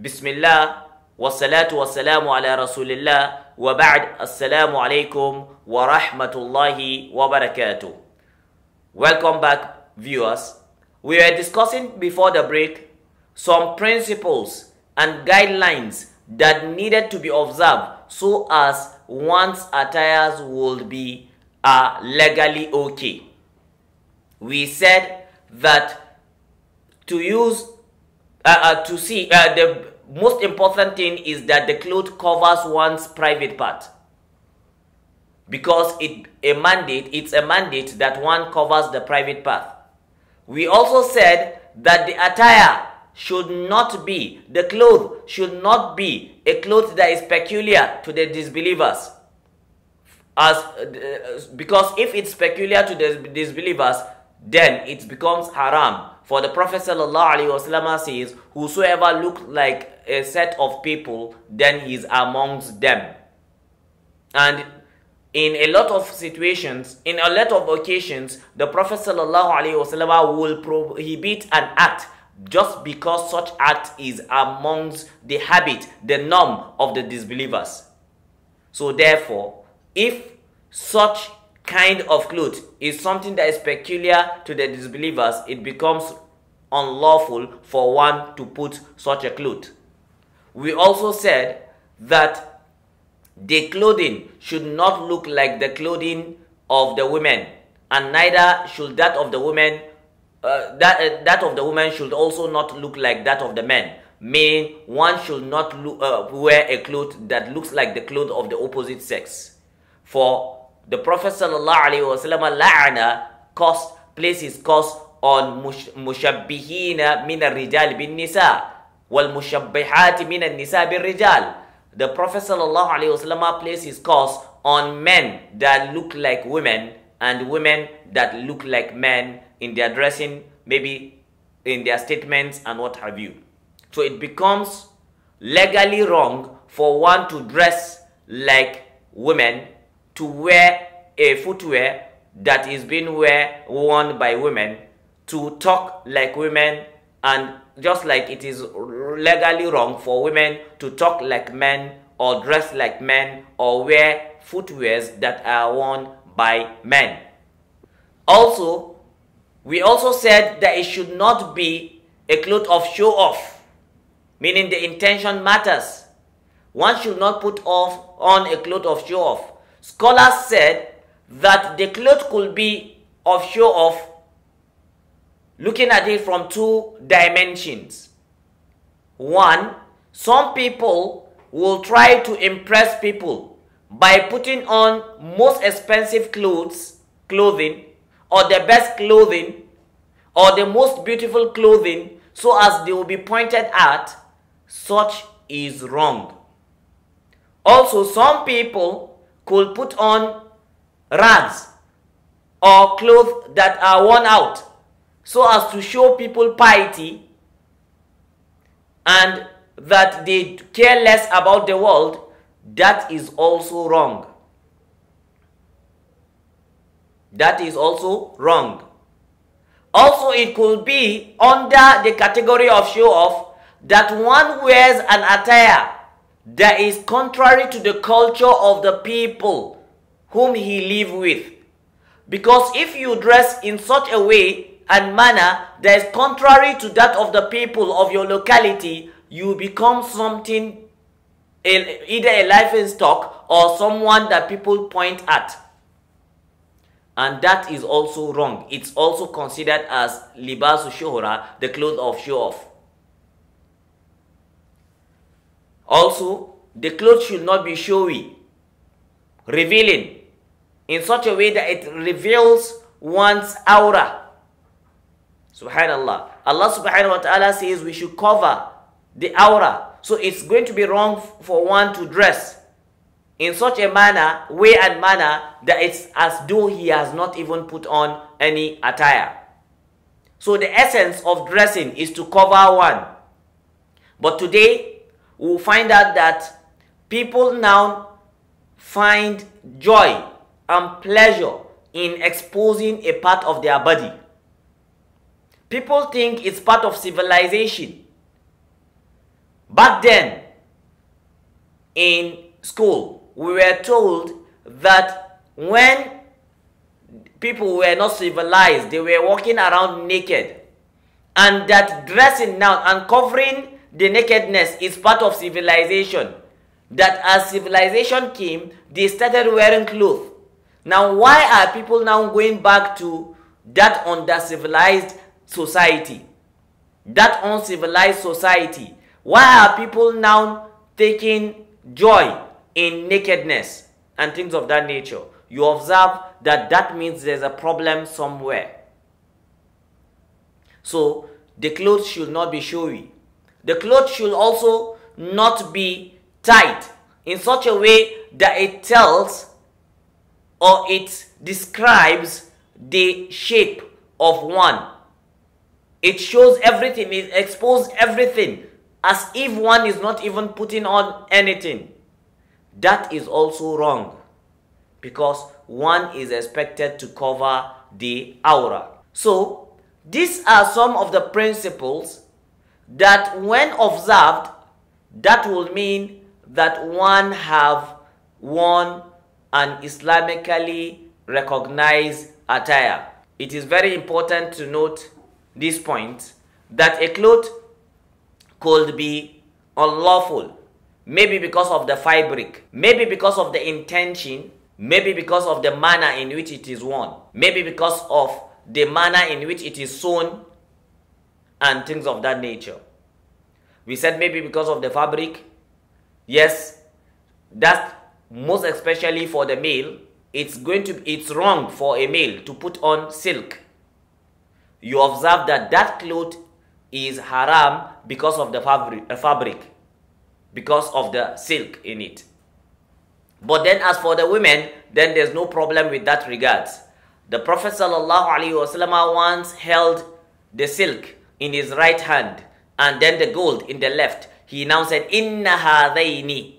Bismillah, الله والصلاة والسلام على wa الله وبعد السلام عليكم wa rahmatullahi wa Welcome back, viewers. We were discussing before the break some principles and guidelines that needed to be observed so as one's attires would be uh, legally okay. We said that to use uh, uh, to see uh, the most important thing is that the cloth covers one's private part because it a mandate it's a mandate that one covers the private part we also said that the attire should not be the cloth should not be a cloth that is peculiar to the disbelievers as uh, uh because if it's peculiar to the disbelievers then it becomes haram for the Prophet wasallam says, Whosoever looks like a set of people, then he is amongst them. And in a lot of situations, in a lot of occasions, the Prophet wasallam will prohibit an act just because such act is amongst the habit, the norm of the disbelievers. So therefore, if such kind of cloth is something that is peculiar to the disbelievers, it becomes unlawful for one to put such a cloth. We also said that the clothing should not look like the clothing of the women, and neither should that of the women. Uh, that uh, that of the women should also not look like that of the men. Meaning, one should not look, uh, wear a cloth that looks like the cloth of the opposite sex, for the Prophet وسلم, la'ana cost places cost on mushabbihina min rijal bin nisa wal mushabbihati min nisa bin rijal the prophet sallallahu alaihi wasallam placed his curse on men that look like women and women that look like men in their dressing maybe in their statements and what have you so it becomes legally wrong for one to dress like women to wear a footwear that is being wear, worn by women, to talk like women, and just like it is legally wrong for women to talk like men or dress like men or wear footwears that are worn by men. Also, we also said that it should not be a cloth of show off, meaning the intention matters. One should not put off on a cloth of show off Scholars said that the cloth could be of show of looking at it from two dimensions. One, some people will try to impress people by putting on most expensive clothes, clothing, or the best clothing, or the most beautiful clothing, so as they will be pointed at. Such is wrong. Also, some people could put on rags or clothes that are worn out so as to show people piety and that they care less about the world, that is also wrong. That is also wrong. Also, it could be under the category of show off that one wears an attire that is contrary to the culture of the people whom he live with. Because if you dress in such a way and manner that is contrary to that of the people of your locality, you become something, either a livestock or someone that people point at. And that is also wrong. It's also considered as libasu shohora, the clothes of show off. Also, the clothes should not be showy, revealing, in such a way that it reveals one's aura. Subhanallah. Allah subhanahu wa ta'ala says we should cover the aura. So it's going to be wrong for one to dress in such a manner, way and manner, that it's as though he has not even put on any attire. So the essence of dressing is to cover one. But today, we'll find out that people now find joy and pleasure in exposing a part of their body. People think it's part of civilization. Back then, in school, we were told that when people were not civilized, they were walking around naked, and that dressing now and covering the nakedness is part of civilization. That as civilization came, they started wearing clothes. Now, why are people now going back to that under civilized society? That uncivilized society. Why are people now taking joy in nakedness and things of that nature? You observe that that means there's a problem somewhere. So, the clothes should not be showy. The cloth should also not be tight in such a way that it tells or it describes the shape of one. It shows everything, it exposes everything as if one is not even putting on anything. That is also wrong because one is expected to cover the aura. So, these are some of the principles that when observed, that will mean that one have worn an Islamically recognized attire. It is very important to note this point that a cloth could be unlawful, maybe because of the fabric, maybe because of the intention, maybe because of the manner in which it is worn, maybe because of the manner in which it is sewn and things of that nature. We said maybe because of the fabric. Yes, that's most especially for the male. It's going to it's wrong for a male to put on silk. You observe that that cloth is haram because of the fabric, uh, fabric because of the silk in it. But then as for the women, then there's no problem with that regards. The Prophet sallallahu alaihi wasallam once held the silk in his right hand and then the gold in the left, he now said, Inna hadayni.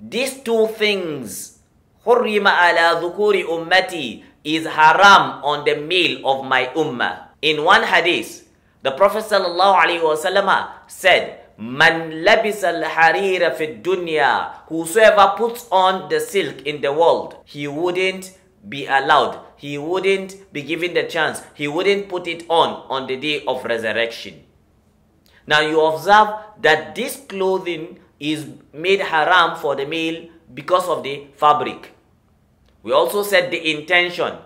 These two things, حرم ala ذكور ummati, is haram on the meal of my ummah. In one hadith, the Prophet ﷺ said, Man labis al-harira fi dunya, whosoever puts on the silk in the world, he wouldn't be allowed he wouldn't be given the chance. He wouldn't put it on on the day of resurrection. Now you observe that this clothing is made haram for the male because of the fabric. We also said the intention.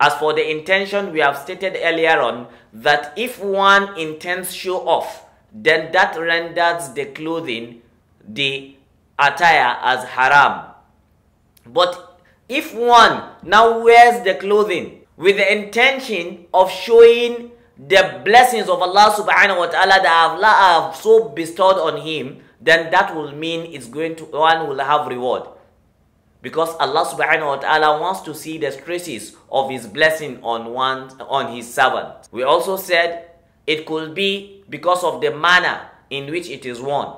As for the intention, we have stated earlier on that if one intends show off, then that renders the clothing, the attire as haram. But if one now wears the clothing with the intention of showing the blessings of Allah subhanahu wa ta'ala that Allah have so bestowed on him, then that will mean it's going to one will have reward. Because Allah subhanahu wa ta'ala wants to see the traces of his blessing on one on his servant. We also said it could be because of the manner in which it is worn.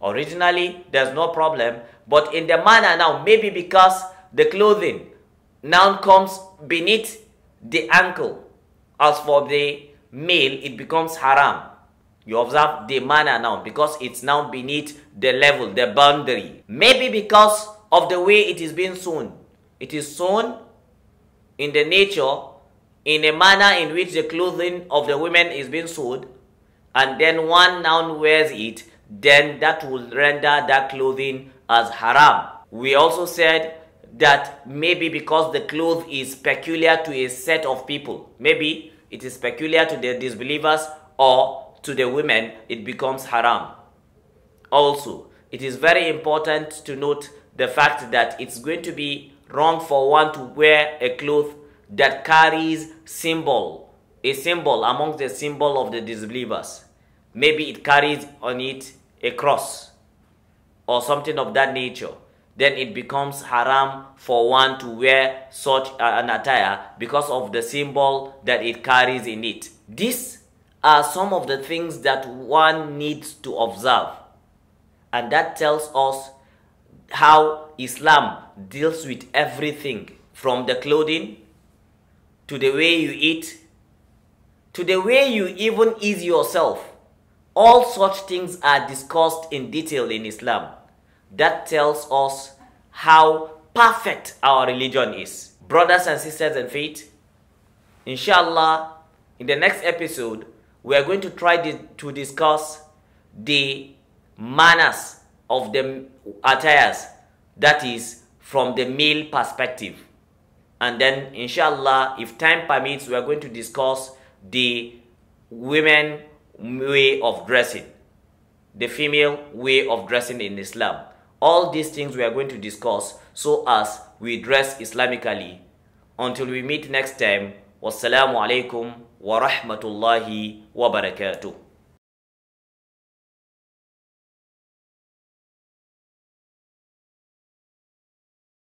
Originally, there's no problem, but in the manner now, maybe because the clothing now comes beneath the ankle. As for the male, it becomes haram. You observe the manner now because it's now beneath the level, the boundary. Maybe because of the way it is being sewn. It is sewn in the nature, in a manner in which the clothing of the women is being sewed, and then one now wears it, then that will render that clothing as haram. We also said that maybe because the cloth is peculiar to a set of people, maybe it is peculiar to the disbelievers or to the women, it becomes haram. Also, it is very important to note the fact that it's going to be wrong for one to wear a cloth that carries symbol, a symbol among the symbol of the disbelievers. Maybe it carries on it a cross or something of that nature then it becomes haram for one to wear such an attire because of the symbol that it carries in it. These are some of the things that one needs to observe. And that tells us how Islam deals with everything from the clothing to the way you eat to the way you even ease yourself. All such things are discussed in detail in Islam that tells us how perfect our religion is. Brothers and sisters in faith, inshallah, in the next episode, we are going to try to discuss the manners of the attires, that is, from the male perspective. And then, inshallah, if time permits, we are going to discuss the women way of dressing, the female way of dressing in Islam. All these things we are going to discuss so as we dress Islamically. Until we meet next time, wassalamu alaikum wa rahmatullahi wa barakatuh.